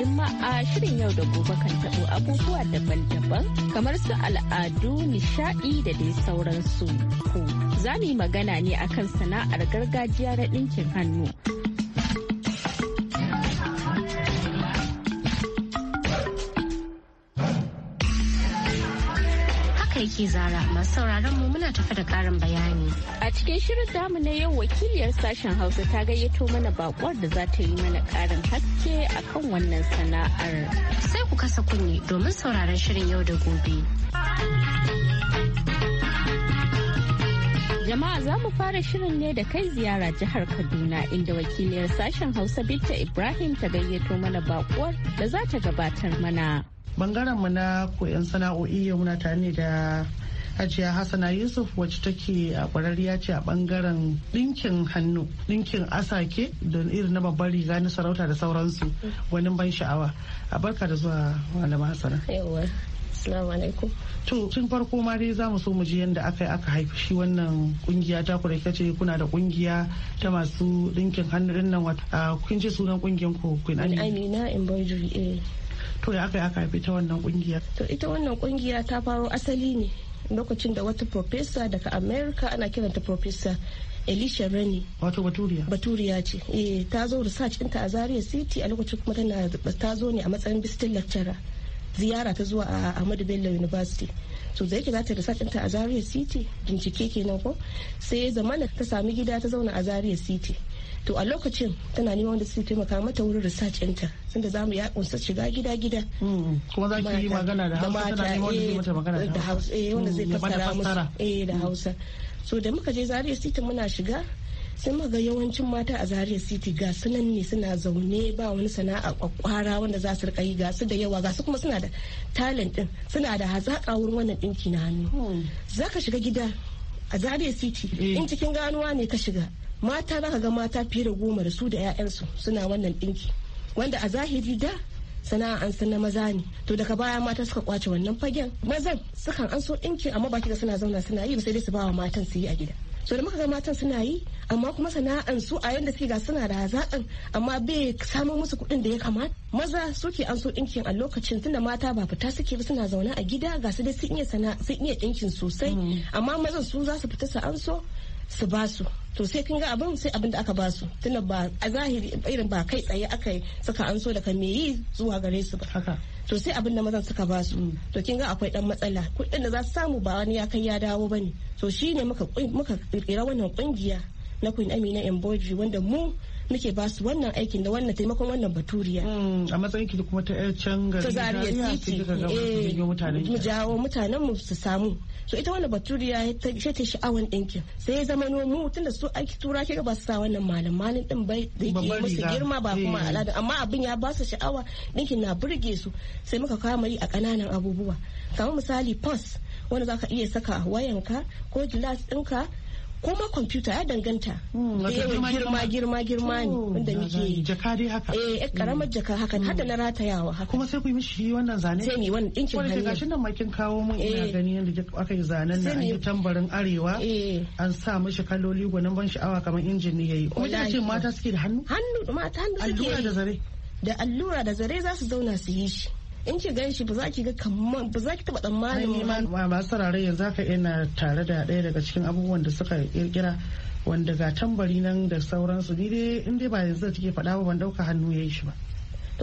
Juma'a shirin yau da gobe kan taɓo abubuwa daban-daban kamar su al'adu, nishaɗi da dai sauransu. Za mu yi magana ne akan sana'ar gargajiya na ɗinkin hannu ke zara masu sauraron mu muna tafi da karin bayani. A cikin shirin damu na yau wakiliyar sashen Hausa ta gayyato mana bakwar da za ta yi mana karin haske akan wannan sana'ar. Sai ku kasa kunne domin sauraron shirin yau da gobe. jama'a za mu fara shirin ne da kai ziyara jihar kaduna inda wakiliyar sashen hausa binta ibrahim ta gayyato mana bakuwar da za ta gabatar mana bangaren mu na koyon sana'o'i yau muna tare ne da Hajiya Hassana Yusuf wacce take a kwararriya ce a bangaren ɗinkin hannu, ɗinkin asake da irin na babbar riga na sarauta da sauransu wani ban sha'awa. A barka da zuwa malama Hassana. To tun farko ma dai za mu so mu ji yadda aka yi aka haifi shi wannan kungiya ta ku da kace kuna da kungiya ta masu dinkin hannu din nan wata kun ji sunan kungiyan ku kun Amina eh. to da aka ya ta wannan kungiya to ita wannan kungiya ta faro asali ne lokacin da wata professor daga america ana kiranta professor Elisha Rani. Wato Baturiya. Baturiya ce. Eh ta zo research ɗinta a Zaria City a lokacin kuma tana ta zo ne a matsayin visiting lecturer. Ziyara ta zuwa a Ahmadu Bello University. To da yake za ta research ɗinta a Zaria City bincike kenan ko sai zamana ta sami gida ta zauna a Zaria City. to a lokacin tana neman wanda su taimaka mata wurin research ɗinta tunda za mu ya kunsa shiga gida gida hmm, kuma za ki yi magana da hausa tana neman wanda zai eh, mata magana da hausa eh wanda zai hmm, fassara musu eh da hmm. hausa so da muka je Zariya City muna shiga sai muka ga yawancin mata a Zariya City ga sunan ne suna zaune ba wani sana'a kwakwara wanda za su rika yi ga su da yawa ga su kuma suna da talent din suna da hazaka wurin wannan dinki na hannu zaka shiga gida a Zariya City eh. in cikin ganuwa ne ka shiga mata za ka ga mata fiye da goma da su da 'ya'yansu suna wannan dinki wanda a zahiri da sana'a an san na maza ne to daga baya mata suka kwace wannan fagen mazan sukan an so dinki amma baki da suna zauna suna yi sai dai su bawa matan su yi a gida so da muka ga matan suna yi amma kuma sana'an su a yanda suke ga suna da hazaƙan amma bai samun musu kuɗin da ya kamata maza suke an so ɗinkin a lokacin tunda mata ba fita suke ba suna zaune a gida ga su dai sun iya sana'a sun iya ɗinkin sosai mm. amma mazan su za su fita su an so su ba su to sai kin ga abin sai abin da aka ba su tunda ba a zahiri irin ba kai tsaye aka saka an so daga meyi zuwa gare su ba haka to sai abin da mazan suka ba su mm. to kin ga akwai dan matsala kuɗin da za su samu ba wani ya kai ya dawo bane to shine muka muka kirkira wannan kungiya na Queen Amina Emboji wanda mu nake ba su wannan aikin da wannan taimakon wannan baturiya mm, a matsayin ki kuma ta can gari ta zariya titi eh, mu jawo mutanen mu su samu so ita wannan baturiya ta ce ta sha'awan ɗinkin. sai ya zama mu tunda su aiki tura ke ba su sa wannan malam malin din bai da yake musu girma ba kuma eh. al'ada amma abin ya ba su sha'awa ɗinkin na burge su sai muka kama yi a kananan abubuwa kamar misali pos wanda zaka iya saka wayanka ko gilas ɗinka ko ma kwamfuta ya danganta da hmm, eh, yawan girma girma girma ne hmm, wanda muke yi jaka dai haka eh, eh karamar hmm. jaka haka hada na ratayawa haka kuma sai ku yi mishi wannan zane sai ni wannan dinkin hannu gashi nan ma kin kawo mun ina eh. gani yanda aka yi zanen nan an yi tambarin arewa an sa mishi kaloli gwanin ban sha'awa kamar injin yayi kuma yi ce mata suke da hannu hannu mata hannu suke allura da zare da allura da zare za su zauna su yi shi in ki gan shi ba za ki ga kaman ba za ki taba tsammanin ma masu sarare yanzu haka ina tare da ɗaya daga cikin abubuwan da suka kirkira wanda ga tambari nan da sauransu ni dai in dai ba yanzu da take faɗa ba ban ɗauka hannu ya yi shi ba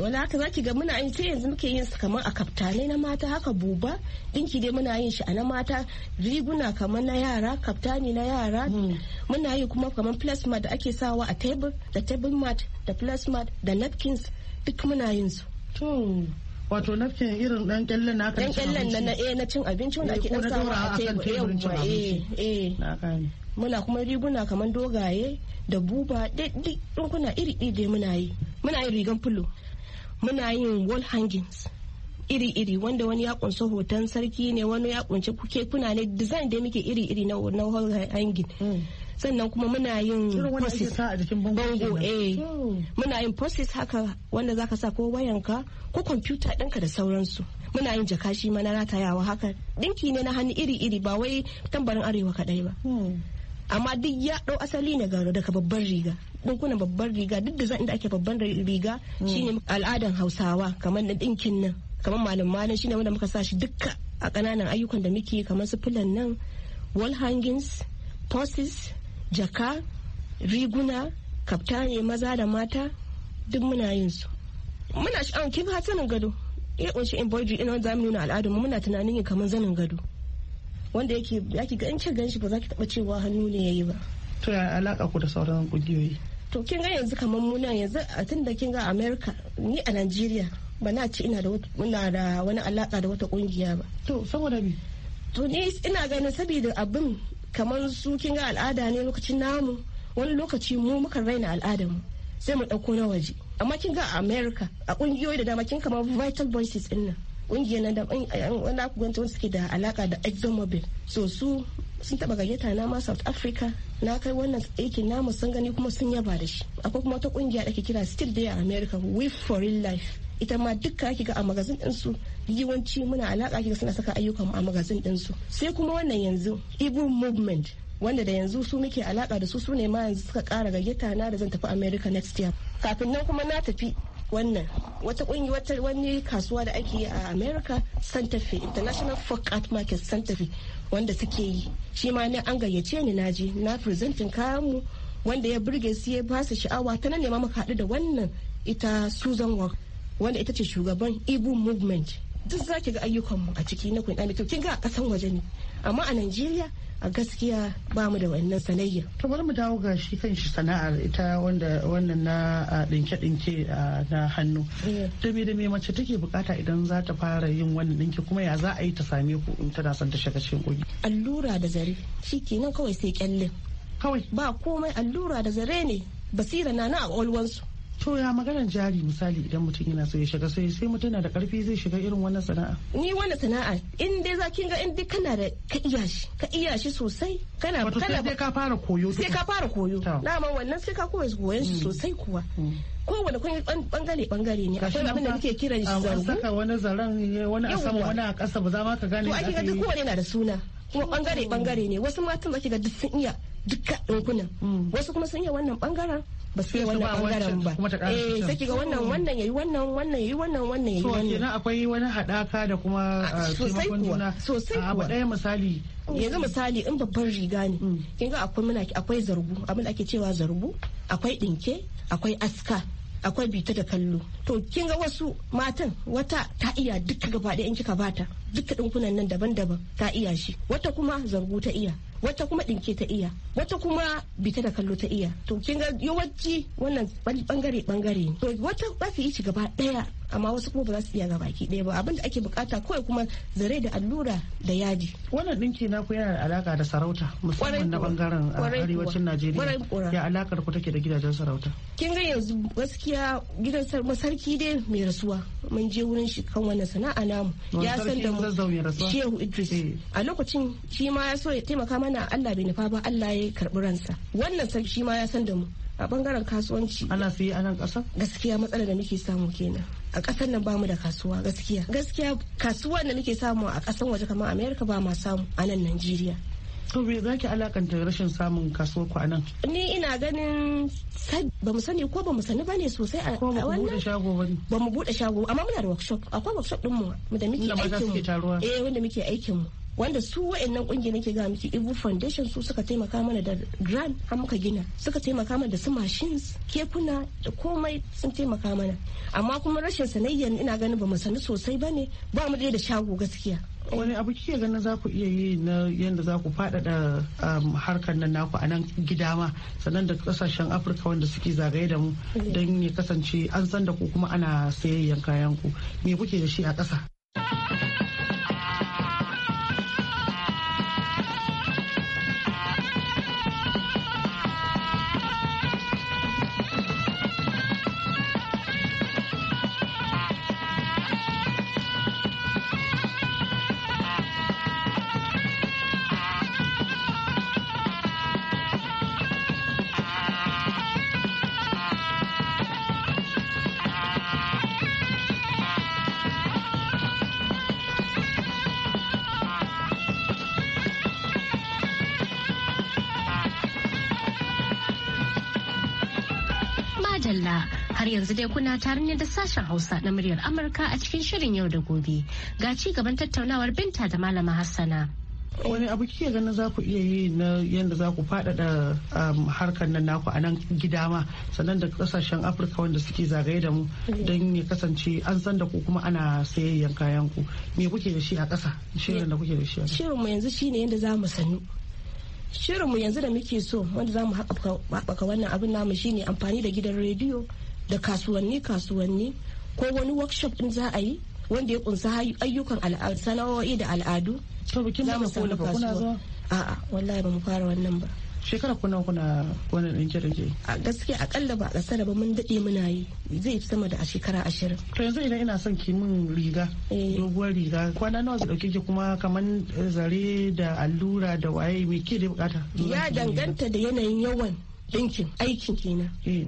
wani haka zaki ga muna yin sai yanzu muke yin su kamar a kaftane na mata haka buba dinki dai muna yin shi a na mata riguna kamar na yara kaftane na yara hmm. muna yi kuma kamar plasmat da ake sawa a table da table mat da plasmat da napkins duk muna yin su wato nafkin irin dan kyalle na kan cin abinci dan kyalle eh, na cin abinci wanda eh, ake dan sawa a teburin cin abinci eh, eh. muna kuma riguna kamar dogaye da buba duk riguna iri iri dai muna yi muna yin rigan fulo muna yin wall hangings iri iri wanda wani ya kunsa hoton sarki ne wani ya kuke kuna ne design da muke iri iri na wall hanging mm. sannan kuma muna yin posis bango eh hmm. muna yin posis haka wanda zaka sa ko wayanka ko kwamfuta ɗinka da sauransu muna yin jaka shi mana na ratayawa haka ɗinki ne na hannu iri-iri ba wai tambarin arewa kaɗai ba hmm. amma duk ya ɗau asali ne daga babban riga ɗinkunan babban riga duk da za inda ake babban riga hmm. shine al'adan hausawa kamar na ɗinkin nan kamar malam malam shine wanda muka sa shi dukka a ƙananan ayyukan da muke kamar su filan nan wall hangings posis jaka riguna ne maza da mata duk muna yin su muna shi um, kin har sanin gado iya kunshi embroidery ina wanda zamu nuna al'adun mu muna tunanin yin kamar zanin gado wanda yake yaki ga in ce ganshi ba za ki taba cewa hannu ne yayi ba to ya alaka ku da sauran kungiyoyi to kin ga yanzu kamar mu yanzu a tunda kin ga America ni a Najeriya ba na ce ina da wani alaka da wata kungiya ba to saboda me to ni ina ganin saboda abin kamar su kin ga al'ada ne lokacin namu wani lokaci mu muka raina al'adar mu sai mu ɗauko na waje amma kin ga a america a ƙungiyoyi da dama kin kamar vital voices din nan ƙungiyar nan da wani gwanta wanda suke da alaka da exxonmobil so su sun taba gayyata na ma south africa na kai wannan aikin namu sun gani kuma sun yaba da shi akwai kuma wata ƙungiya da ke kira still there a america we for real life ita ma duka ake ga a magazin ɗinsu yawanci muna alaƙa ake suna saka ayyukan a magazin ɗinsu sai kuma wannan yanzu ibu movement wanda da yanzu su muke alaƙa da su su ma yanzu suka ƙara gayyata na da zan tafi america next year kafin nan kuma na tafi wannan wata wata wani kasuwa da ake yi a america santa fe international folk art market santa fe wanda suke yi shi ma ne an gayyace ni naji na presentin mu wanda ya burge su ya basu sha'awa ta nan ne ma muka haɗu da wannan ita susan work wanda ita ce shugaban ibu movement duk za ki ga ayyukanmu a ciki na kunɗa to kin ga a kasan waje ne amma a Najeriya a gaskiya ba mu da wannan sanayya. To bari mu dawo ga shi kan shi sana'ar ita wanda wannan na dinke-dinke ah, ah, na hannu. to eh. me da me mace take bukata idan za ta fara yin wannan dinki kuma ya za a yi ta same ku in tana son ta shiga cikin kogi. Allura da zare shi kenan kawai sai kyalle. Kawai ba komai allura da zare ne basira na na a olwansu. to ya maganar jari misali idan mutum yana so ya shiga sai sai mutum na da karfi zai shiga irin wannan sana'a ni wannan sana'a in dai za kin ga in dai kana da ka iya shi ka iya shi sosai kana kana sai ka fara koyo sai ka fara koyo dama ma wannan sai ka koyi koyon shi mm. sosai kuwa mm. kowane kun bangare bangare ne akwai abin da muke kiran shi zargu saka wani zaran wani a sama wani a kasa ba za ma ka gane to ake ga duk kowane yana da suna kuma mm. bangare bangare ne wasu matan zaki ga duk sun iya duka ɗinkunan wasu kuma sun iya wannan bangaren ba su wannan bangaren ba eh sai kiga wannan wannan yayi wannan wannan yayi wannan wannan yayi wannan kenan akwai wani hadaka da kuma ah, sosai kuwa sosai ah, kuwa daya misali yanzu misali in babban riga ne mm. kin ga akwai muna akwai zargu abin da ake cewa zargu akwai dinke akwai aska akwai bita da kallo to kin ga wasu matan wata ta iya duk gaba ɗaya in kika bata duk ɗinkunan nan daban-daban ta iya shi wata kuma zargu ta iya wata kuma ɗinke ta iya wata kuma bita da kallo ta iya to kin ga yawanci wannan bangare bangare to wata ba su yi ci gaba daya amma wasu kuma ba za su iya gaba ki daya ba abinda ake bukata kawai kuma zare da allura da yaji wannan ɗinki na ku yana da alaka da sarauta musamman na bangaren ah, arewacin najeriya ya alakar ku take da gidajen sarauta kin ga yanzu gaskiya gidan sarki dai mai rasuwa mun je wurin shi kan wannan sana'a namu ya san da mu shehu idris eh. a lokacin shi ma ya so ya taimaka mana Allah bai nufa ba Allah ya karbi ransa wannan san shi ma ya san da mu a bangaren kasuwanci ana fiye a nan ƙasa gaskiya matsalar da muke samu kenan a ƙasar nan bamu da kasuwa gaskiya gaskiya kasuwar da muke samu a ƙasar waje kamar Amerika ba ma samu a nan Najeriya to me zaki alakanta rashin samun kasuwar ku a nan. ni ina ganin ba mu sani ko ba mu sani bane sosai a wannan ba mu bude shago amma muna da workshop akwai workshop din mu da muke aikin mu eh wanda muke aikin mu wanda su wa'annan kungiyar nake ga miki Ibu Foundation su suka taimaka mana da grant har muka gina suka taimaka mana da su machines kekuna da komai sun taimaka mana amma kuma rashin sanayyar ina ganin ba mu sani sosai bane ba mu da shago gaskiya wani abu kike ganin za ku iya yi na yadda za ku faɗaɗa um, harkar nan naku a nan gida ma sannan da kasashen afirka wanda suke zagaye da mu mm-hmm. don ya kasance an san da ku kuma ana sayayyan kayan ku me kuke da shi a ƙasa. yanzu dai kuna tare ne da sashen Hausa na muryar Amurka a cikin shirin yau da gobe. Ga ci gaban tattaunawar Binta da Malama Hassana. wani abu kike ganin za ku iya yi na yadda za ku faɗaɗa um, harkar nan naku a nan gida ma sannan da kasashen afirka wanda suke zagaye da mu don ya kasance an san da ku kuma ana sayayyan kayan ku me kuke da shi a ƙasa shirin da kuke da shi a shirin mu yanzu shine yadda za mu sanu shirin mu yanzu da muke so wanda za mu haɓaka wannan abin namu shine amfani da gidan rediyo da kasuwanni kasuwanni ko wani workshop din za a yi wanda ya kunsa ayyukan sana'o'i da al'adu to bikin da mu samu kasuwa a'a wallahi ba mu fara wannan ba shekara kuna kuna wani ɗinke da ke a gaske akalla ba a ƙasar ba mun dade muna yi zai fi sama da a shekara ashirin to yanzu idan ina son ki min riga eh. doguwar riga kwana nawa zai dauke ki kuma kamar eh, zare da allura da waye me ke da bukata ya danganta da yanayin yawan ɗinkin aikin kenan eh.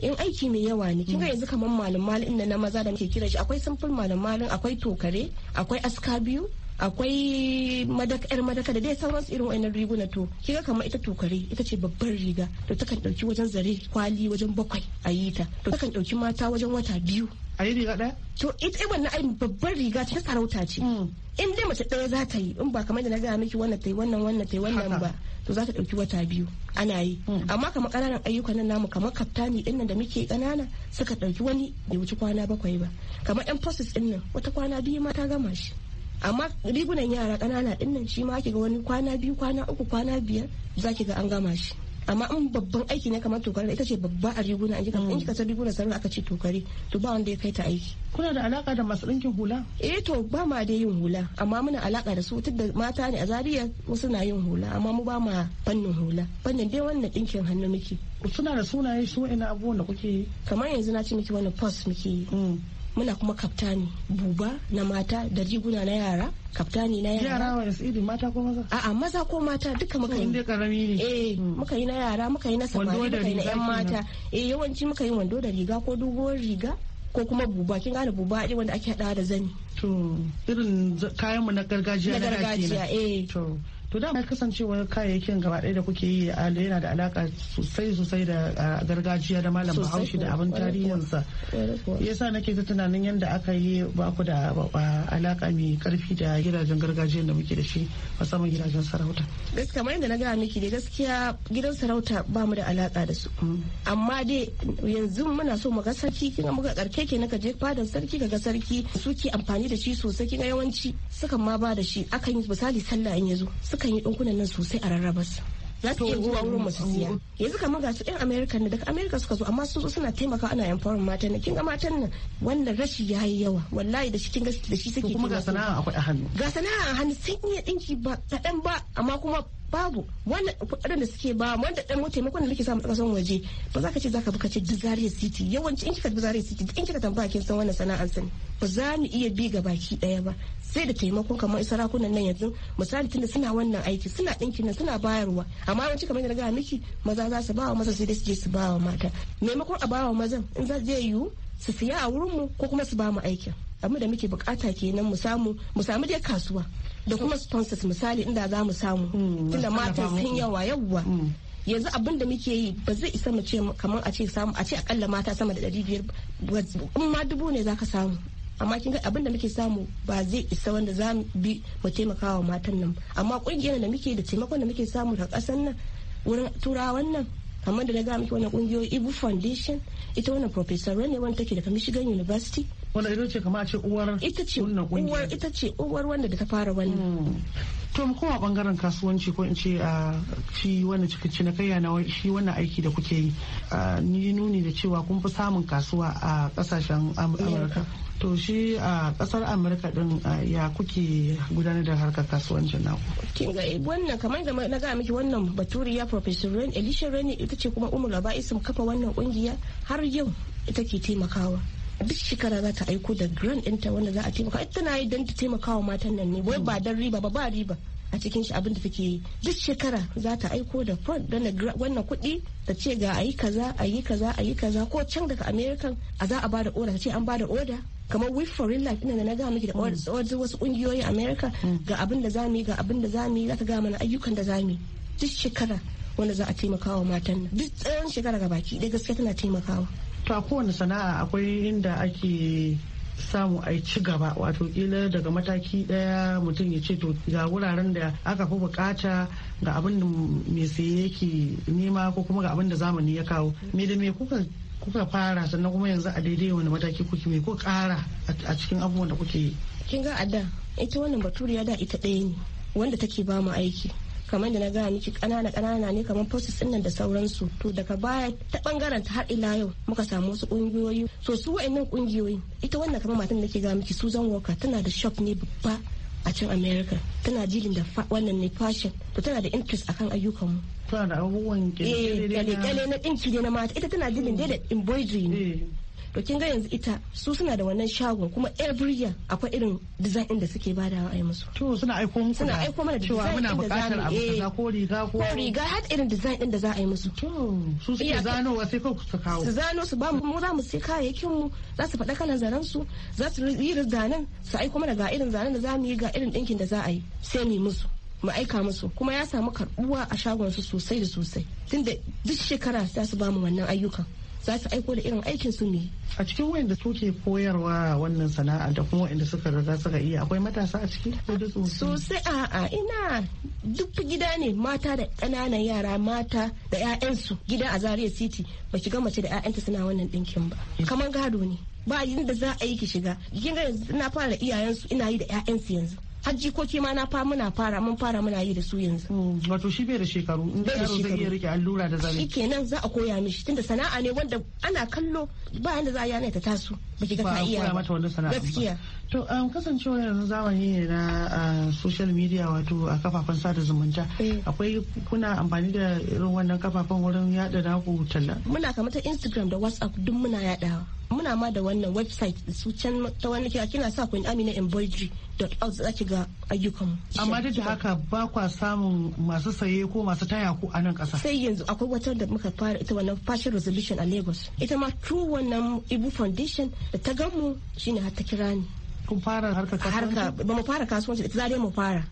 in aiki mai yawa ne kinga mm. yanzu kamar malam malin na maza da muke kira shi akwai simple malam malin akwai tokare akwai aska biyu akwai yar madaka da dai sauransu irin wa'annan riguna to kiga kamar ita tokare ita ce babban riga to takan dauki wajen zare kwali wajen bakwai a yi ta to takan dauki mata wajen wata biyu a yi riga ɗaya? To ita eh, wannan ai babbar riga ta sarauta ce. Mm. In dai mace ɗaya za ta yi in ba kamar da na gaya miki wannan ta wannan wannan tai wannan ba. to za ta ɗauki wata biyu ana yi hmm. amma kamar ƙananan ayyukan nan namu kamar kaftani ɗin nan da muke ƙanana suka ɗauki wani bai wuci kwana bakwai ba kamar yan process ɗin nan wata kwana biyu ma ta gama shi amma rigunan yara ƙanana ɗin nan shi ma ake ga wani kwana biyu kwana uku kwana biyar za ki ga an gama shi amma in babban aiki ne kamar da ita ce babba a riguna a jikin mm. in ka san riguna sarrafa aka ce tokari to ba wanda ya kai ta aiki kuna da alaka da masu ɗinkin hula eh to ba ma dai yin hula amma muna alaka da su da mata ne a zariya wasu na yin hula amma mu ba ma fannin hula fannin dai wannan ɗinkin hannu muke suna da sunaye su ina abubuwan da kuke kamar yanzu na ce miki wani post muke yi mm. muna kuma kaftani buba na mata da riguna na yara kaftani na yara yara wa iri e mata ko maza a'a maza ko mata duka muka yi inda karami ne eh hmm. muka yi na yara muka yi na samari muka yi na yan mata eh yawanci muka yi wando da riga ko doguwar riga ko kuma buba kin gane buba ne wanda ake hada da zani to irin kayan mu na gargajiya na gargajiya eh to to da ma kasancewar kayayyakin gaba ɗaya da kuke yi a yana da alaka sosai sosai da gargajiya da malam bahaushe da abin tarihinsa yasa nake ta tunanin yadda aka yi ba ku da alaka mai karfi da gidajen gargajiya da muke da shi musamman gidajen sarauta gaskiya kamar yadda na gaya miki ne gaskiya gidan sarauta ba mu da alaka da su mm. amma dai yanzu muna so mu ga sarki kin ga muka karke ke naka je fadan sarki ga sarki suke amfani da shi sosai kin ga yawanci sukan ma ba da shi akan yi misali sallah in yazo kan yi ɗinkunan nan sosai a rarraba su za su iya zuwa wurin masu siya oh. yanzu kama ga su 'yan amerika ne daga amerika suka zo amma sun suna taimaka ana empowering matan nan kin ga matan nan wanda rashi ya yi yawa wallahi da shi kin da shi suke kuma ga sana'a akwai a hannu ga sana'a a hannu sun yi dinki ba kaɗan ba amma kuma babu wannan kuɗaɗen da suke ba wanda ɗan mota taimakon da muke samu ƙasan waje ba za ka ce za ka buka ce Zaria City yawanci in kika dizariya City in kika tambaya kin san wannan sana'ar sani ba za mu iya bi ga baki ɗaya ba sai da taimakon kamar sarakunan nan yanzu misali tunda suna wannan aiki suna ɗinkin nan suna bayarwa amma yawanci kamar yadda gaya miki maza za su bawa maza sai dai su je su bawa mata maimakon a bawa mazan in za je yiwu su siya a wurin mu ko kuma su ba mu aikin abu da muke bukata kenan mu samu mu samu dai kasuwa da kuma sponsors misali inda za mu samu hmm, tunda matan sun yawa yawa hmm. yanzu abin da muke yi ba zai isa mu ce kamar a ce samu a ce akalla mata sama da 500 in ma dubu ne za ka samu amma kin ga abin da muke samu ba zai isa wanda za mu bi mu taimaka wa matan nan amma kungiyar da muke da taimakon da muke samu daga kasan nan wurin turawan nan kamar da na ga miki wannan kungiyoyi ibu foundation ita wannan professor ne wanda take daga michigan university wannan ita ce kama a ce uwar ita ce uwar ita ce uwar wanda da ta fara wannan hmm. to mu a bangaren kasuwanci ko in ce a ah, shi wannan na kai na shi wannan aiki da kuke yi ah, ni nuni da cewa kun fi samun kasuwa a kasashen amurka to shi a ah, kasar amurka din ya kuke gudanar da harkar kasuwanci na kin ga eh, wannan kamar da na ga miki wannan baturiya professor ren elisha ren ita ce kuma umar isim kafa wannan kungiya har yau ita ke taimakawa duk shekara za ta aiko da grand ɗinta wanda za a taimaka ita tana yi don ta taimaka wa matan nan ne wai ba don riba ba ba riba a cikin shi abin da take yi duk shekara za ta aiko da fund don wannan kuɗi ta ce ga a yi kaza a yi kaza a yi kaza ko can daga american a za a ba da order ta ce an ba da order kamar we for real life ina da na ga miki da mm. wasu kungiyoyin america mm. ga abin da za mu yi ga abin da za mu yi za ta ga mana ayyukan da za mu yi duk shekara wanda za a taimaka wa matan duk tsawon shekara ga baki da gaskiya tana taimakawa to a kowane sana'a akwai inda ake samu a ci gaba wato kila daga mataki daya mutum ya ce to ga wuraren da aka fi bukata ga abin da mai saye yake nema ko kuma ga abin da zamani ya kawo me da me kuka kuka fara sannan kuma yanzu a daidai wani mataki kuke me ko kara a cikin abubuwan da kuke yi kin ga a ita wannan baturiya da ita ɗaya ne wanda take bamu aiki kamar da na gaya miki ƙanana ƙanana ne kamar process ɗin nan da sauransu to daga baya ta bangaren ta har ila yau muka samu wasu ƙungiyoyi so su wa'annan ƙungiyoyi ita wannan kamar matan da ke gaya miki Susan Walker tana da shop ne babba a can America tana jilin da wannan ne fashion to tana da interest akan ayyukanmu tana da abubuwan kyale-kyale eh, na ɗinki ne na mata ita tana jilin da embroidery ne eh. to kin ga yanzu ita su suna da wannan shagon kuma every year akwai irin design da suke badawa a yi musu to suna aiko muku suna aiko mana cewa muna bukatar abu kaza ko riga ko riga har irin design din da za a yi musu to su suke zano wa sai ku su kawo su zano su ba mu za mu sai kayayyakin mu za su faɗa kalan zaren su za su yi zanen su aiko mana ga irin zanen da za mu yi ga irin ɗinkin da za a yi sai mu yi musu mu aika musu kuma ya samu karbuwa a shagon su sosai da sosai tunda duk shekara za su bamu wannan ayyukan za su aiko da irin aikin su ne a cikin wayanda suke koyarwa wannan sana'a da kuma wayanda suka riga suka iya akwai matasa a ciki sosai a a ina duk gida ne mata da ƙananan yara mata da 'ya'yansu gida a zaria city ba shiga mace da 'ya'yanta suna wannan ɗinkin ba kamar gado ne ba da za a yi ki shiga kin ga na fara iyayensu ina yi da 'ya'yansu yanzu har jikoki ma na fa muna fara mun fara muna yi da su yanzu. Hmm, wato shi bai da shekaru bai da zai iya rike allura da zare. Shikenan za a koya mishi tunda sana'a ne wanda ana kallo ba yanda za a yana ta taso baki ga ka iya. Ba mata wannan sana'a. Gaskiya. To um, kasancewa yanzu zamani ne na uh, social media wato a kafafen sada zumunta eh. akwai kuna amfani da irin wannan kafafen wurin yada naku talla. Muna kamar ta Instagram da WhatsApp duk muna yadawa. Muna ma da wannan website su can ta wani kira kina sa kun amina embroidery.org ki ga ayyukanmu. Amma duk da haka ba kwa samun masu saye ko masu taya ku a nan ƙasa. Sai yanzu akwai wata da muka fara ita wannan fashion resolution a Lagos. Ita ma true wannan Ibu Foundation da ta gamu shine har ta kira ni. Kun fara harkar kasuwanci? Harka ba mu fara kasuwanci ita za mu fara.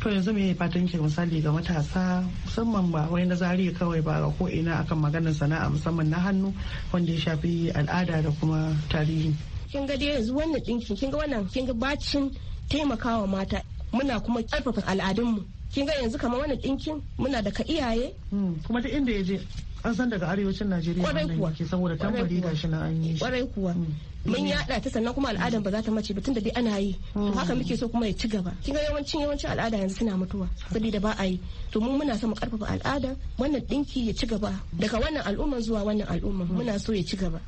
to yanzu me fatan ki misali ga matasa musamman ba wai na zari kawai ba ga ko ina akan maganar sana'a musamman na hannu wanda ya shafi al'ada da kuma tarihi kin ga yanzu wannan dinkin kin ga wannan kin ga bacin taimakawa mata muna kuma karfafa al'adunmu kin ga yanzu kamar wani ɗinkin muna da ka iyaye hmm, kuma duk inda ya je an san daga arewacin najeriya kwarai kuwa saboda tambari ga shi na an yi kwarai kuwa hmm. mun yada ta sannan kuma al'adan ba za ta mace ba tunda dai ana yi to hmm. haka muke so kuma ya ci gaba kin ga yawancin yawancin al'ada yanzu suna mutuwa saboda ba a yi to mu muna so mu karfafa al'ada wannan dinki ya ci gaba daga wannan al'umman zuwa wannan al'umman muna so ya ci gaba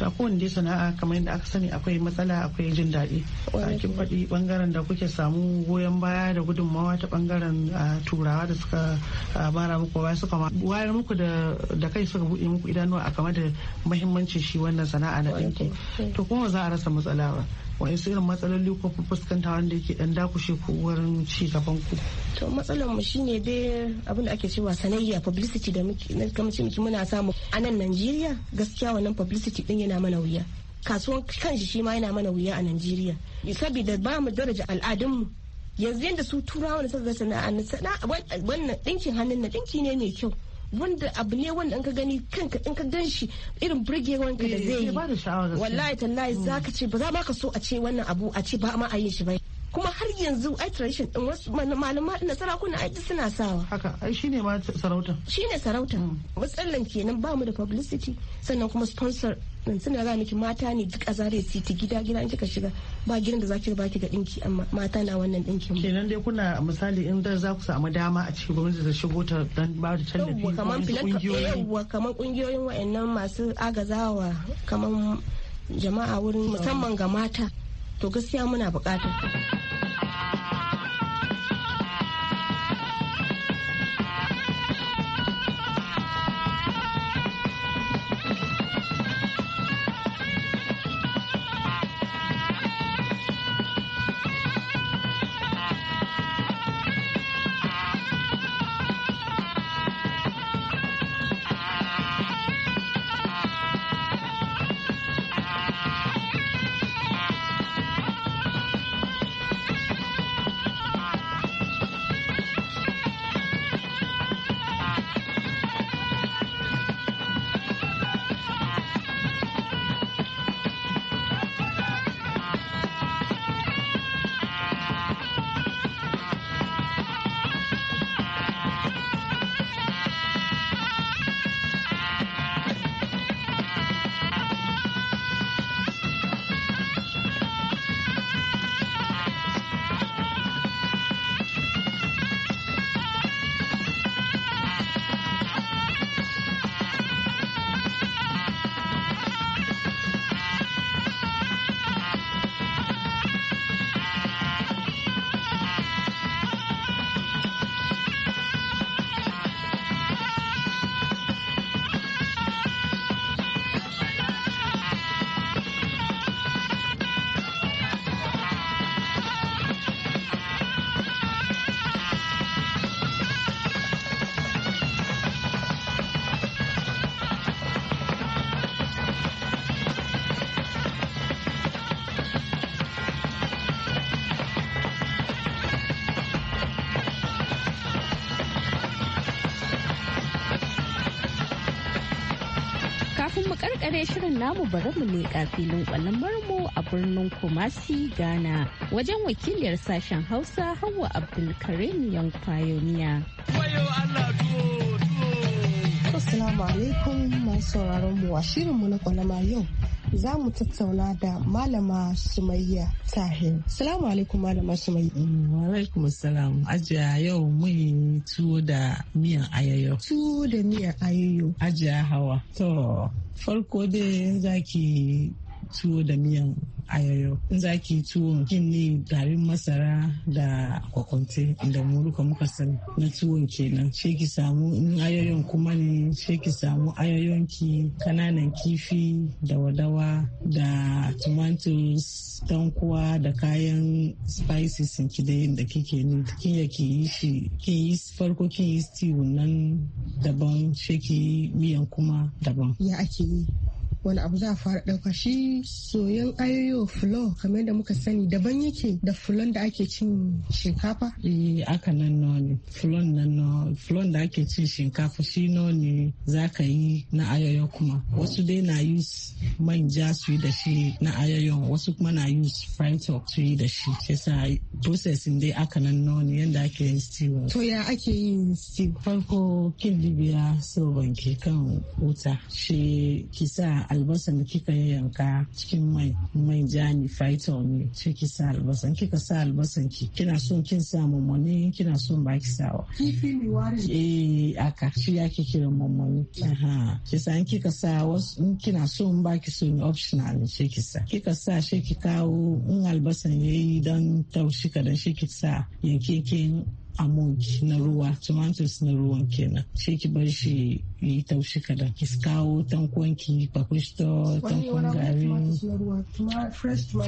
ta dai sana'a kamar yadda aka sani akwai matsala akwai jin daɗi a kin faɗi bangaren da kuke samu goyon baya da gudunmawa ta bangaren turawa da suka mara muku baya suka wayar muku da kai suka buɗe muku idanuwa a game da muhimmancin shi wannan sana'a na ɗinki to kuma za a rasa matsala ba wa'insu irin matsaloli ko fi fuskanta wanda yake dan dakushe ko wurin ci gaban ku. To matsalar mu shine dai abin da ake cewa sanayya publicity da muke na kamci muke muna samu a nan Najeriya gaskiya wannan publicity din yana mana wuya. Kasuwan kanshi shi ma yana mana wuya a Najeriya. Saboda ba mu daraja al'adun mu yanzu yanda su turawa da suka ga sana'a wannan dinkin hannun na dinki ne mai kyau. wanda abu ne wanda in ka gani kanka in ka gan shi irin burgewanka da eh, zai yi wallahi tallahi mm. zaka ce ba za ma ka so a ce wannan abu a ce ba ma a yin shi ba kuma har yanzu ai tradition din wasu malama na sarakuna ai suna sawa haka ai shine ma sarauta shine sarauta mm. matsalan kenan ba mu da publicity sannan kuma sponsor yanzu suna za miki mata ne duk a zare titi gida gida in kika shiga ba gidan da zaki ba ki ga dinki amma mata na wannan dinkin kenan dai kuna misali in da za ku samu dama a cikin gwamnati ta shigo ta dan ba da tallafi yawwa kaman yawwa kaman kungiyoyin wayannan masu agazawa kaman jama'a wurin musamman ga mata to gaskiya muna bukatar namu bari mu ne filin kwallon marmu a birnin Kumasi, Ghana, wajen wakiliyar sashen Hausa Hauwa Abdulkarim Young Pioneer. Assalamu alaikum masu sauraron mu a shirinmu na kwalama yau za mu tattauna da malama Sumayya Tahir. Salamu alaikum malama Sumayya. Mm, wa alaikum salam. Ajiya yau mun tuwo da miyan ayayo. Tuwo da miyan ayayo. Ajiya hawa. To farko dai zaki tuwo da miyan ayoyo in za ki yi tuwon kin ne garin masara da kwakwante da muruka muka sani na tuwon kenan shi ki samu in ayoyon kuma ne shi ki samu ayoyon ki kananan kifi da wadawa da tomatoes tankuwa da kayan spices ki da yin da kike ni kin ya ki yi shi kin yi farko kin yi stew nan daban shi ki yi miyan kuma daban ya ake yi wani abu za a fara ɗauka shi soyan ayoyo fulo kamar da muka sani daban yake da fulon da ake cin shinkafa eh aka nan noni fulon nan no fulon da ake cin shinkafa shi noni za ka yi na ayoyo kuma wasu dai na use manja su yi da shi na ayoyo wasu kuma na use fried talk su yi da shi sai sa processing dai aka nan noni yadda ake yin stew to ya ake yin stew farko kin dibiya so banke kan wuta shi kisa albasan da kika yanka cikin mai mai jani phyton ne sai ki sa albasan kika sa albasan ki kina son kin sa mamoni kina son ba ki sawa kifi ne eh aka shi yake kiran mamoni aha ki sa in kika sa wasu in kina son ba ki so optional ne sai ki sa kika sa sai ki kawo in albasan yayi don taushi kadan shi ki sa yankekin amount na ruwa tomatoes na ruwan kenan sai ki bar shi yi taushi kadan ki kawo tankon ki pakushto tankon garin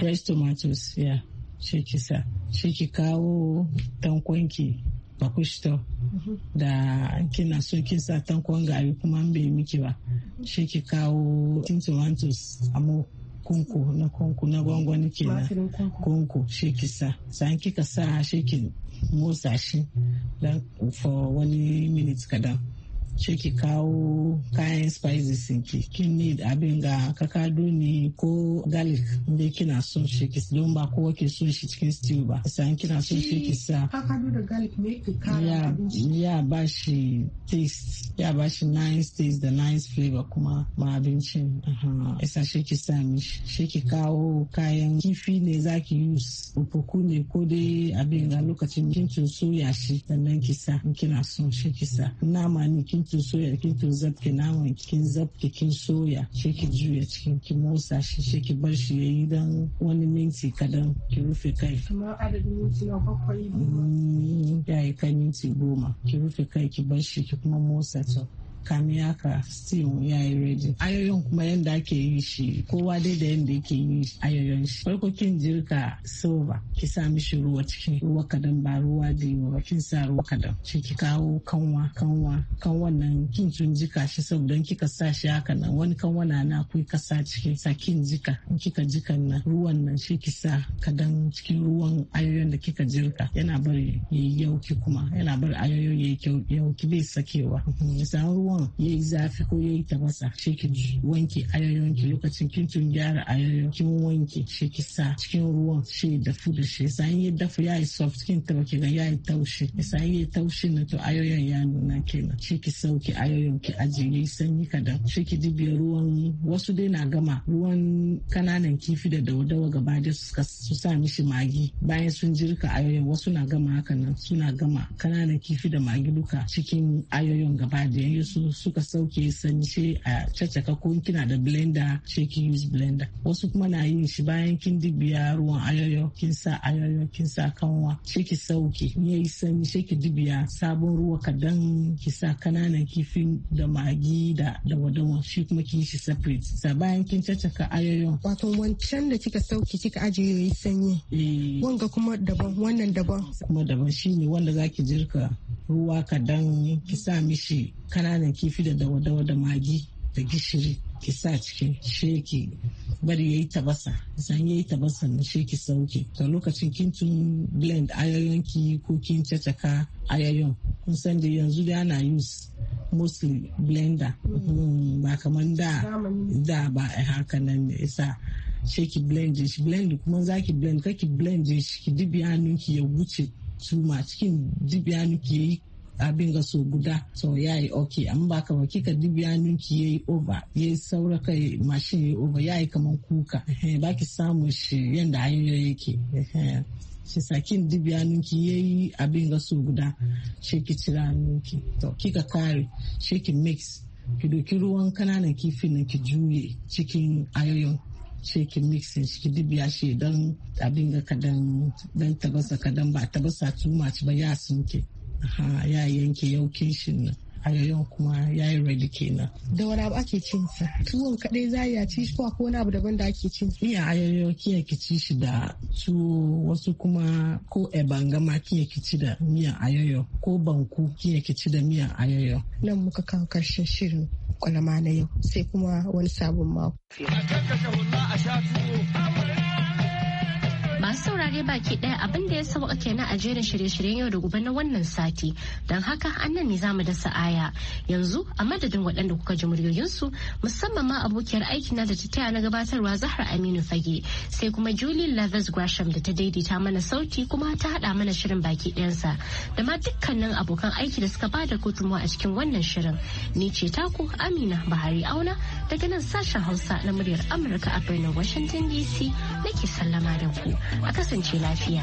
fresh tomatoes ya sai ki sa sai ki kawo tankon ki pakushto mm-hmm. da kina so kin sa tankon gari kuma an bai miki ba mm-hmm. sai ki kawo tin tomatoes amo kunku na kunku na gwangwani kenan kunku shi ki sa san kika sa shi ki motsa shi for wani minit kadan shi ki kawo kayan spices ki kin need abin ga kakado ne ko garlic da kina son shi ki don ba kowa ke son shi cikin stew ba san kina son shi ki sa kakado da garlic ne ki kara ya ba shi taste ya ba shi nice taste da nice flavor kuma ma abincin isa shi ki sa mishi shi ki kawo kayan kifi ne zaki use ufuku ne ko dai abin ga lokacin kin soya shi sannan ki sa kina son shi ki sa nama ne kin kin soya kin kin zabke naman kin kin soya shi ki juya cikin ki motsa shi shi ki bar shi yayi dan wani minti kadan ki rufe kai kamar adadin minti na bakwai ya yi mm, kai minti goma ki rufe kai ki bar shi ki kuma motsa ta kamin haka steam ya yi ready ayoyin kuma yadda ake yi shi kowa dai da yadda yake yi ayoyin shi farko kin jirka silver ki sa mishi ruwa cikin ruwa kadan ba ruwa da yi ba kin sa ruwa kadan shi ki kawo kanwa kanwa kanwan nan kin tun jika shi saboda kika sa shi haka nan wani kanwa na na kuyi kasa cikin sa kin jika in kika jika nan ruwan nan shi ki sa kadan cikin ruwan ayoyin da kika jirka yana bari yayi yauki kuma yana bari ayoyin yayi yauki bai sakewa ya ruwan ruwan ya yi zafi ko ya yi ta masa ki wanke ayoyin ki lokacin kin tun gyara ayoyin kin wanke shi ki sa cikin ruwan shi da dafu da shi sai yi dafu ya yi soft kin taba ki ga ya yi taushi sai yi taushi na to ayoyin ya nuna kenan shi ki sauki ayoyin ki ajiye sanyi kadan shi ki dibiya ruwan wasu dai na gama ruwan kananan kifi da dawadawa gaba da su sa mishi magi bayan sun jirka ayoyin wasu na gama haka nan suna gama kananan kifi da magi duka cikin ayoyin gaba da yanzu suka sauke sanyi sai a caccaka ko kina da blender ce ki use blender wasu kuma na yin shi bayan kin dibiya ruwan ayoyo kin sa ayoyo kin sa kanwa ce ki sauke in yayi sanyi ce ki dibiya sabon ruwa kadan ki sa kananan kifin da magi da dawa-dawa shi kuma ki shi separate sa bayan kin caccaka ayoyo wato wancan da kika sauke kika ajiye yayi sanyi eh. wanga kuma daban wannan daban kuma daban shine wanda zaki jirka ruwa kadan ki sa mishi kananan kifi da dawa-dawa da magi da gishiri ki sa cikin sheki bari yayi tabasa san yayi tabasa na sheki sauke to lokacin kin tun blend ayoyon ki ko kin cacaka ayoyon kun san da yanzu da ana use mostly blender hmm, ba kaman da da ba haka nan ne isa sheki blend shi blend kuma zaki blend kaki blend shi ki dibi hannun ki ya wuce tuma cikin dibi hannun ki yayi abin ga so guda so ya yi ok amma ba kama kika hannun ninki ya yi oba ya yi sauraka mashin ya yi oba ya yi kamar kuka eh, ba ki samun shi yadda hanyoyi yake eh, shi sakin hannun ninki ya yi abin ga so guda shi ki cira ki to kika kare shi ki mix ki doki ruwan kananan kifin nan ki juye cikin ayoyin shi ki mixin shi ki shi don abin ga kadan don tabasa kadan ba tabasa too ba ya ke ya yanke yau kishin nan ayoyin kuma ya yi ready kenan. Da wani abu ake cin sa? Tuwon kaɗai za a ci shi ko wani abu daban da ake cin? Iya ayoyo kiya ki ci shi da tuwo wasu kuma ko ebangama kiya ki ci da miyan ayoyo ko banku kiya ki ci da miyan ayoyo. Nan muka kawo karshen shirin kwalama na yau sai kuma wani sabon mako. a masu saurare baki ɗaya abin da ya sauka kenan a jerin shirye-shiryen yau da gobe na wannan sati don haka annan ne zamu dasa aya yanzu a madadin waɗanda kuka ji muryoyinsu musamman ma abokiyar na da ta taya na gabatarwa zahra aminu fage sai kuma julie lavis gresham da ta daidaita mana sauti kuma ta haɗa mana shirin baki ɗayansa da ma dukkanin abokan aiki da suka bada gudunmawa a cikin wannan shirin ni ce taku amina bahari auna daga nan sashen hausa na muryar amurka a birnin washington dc nake sallama da ku a kasance lafiya.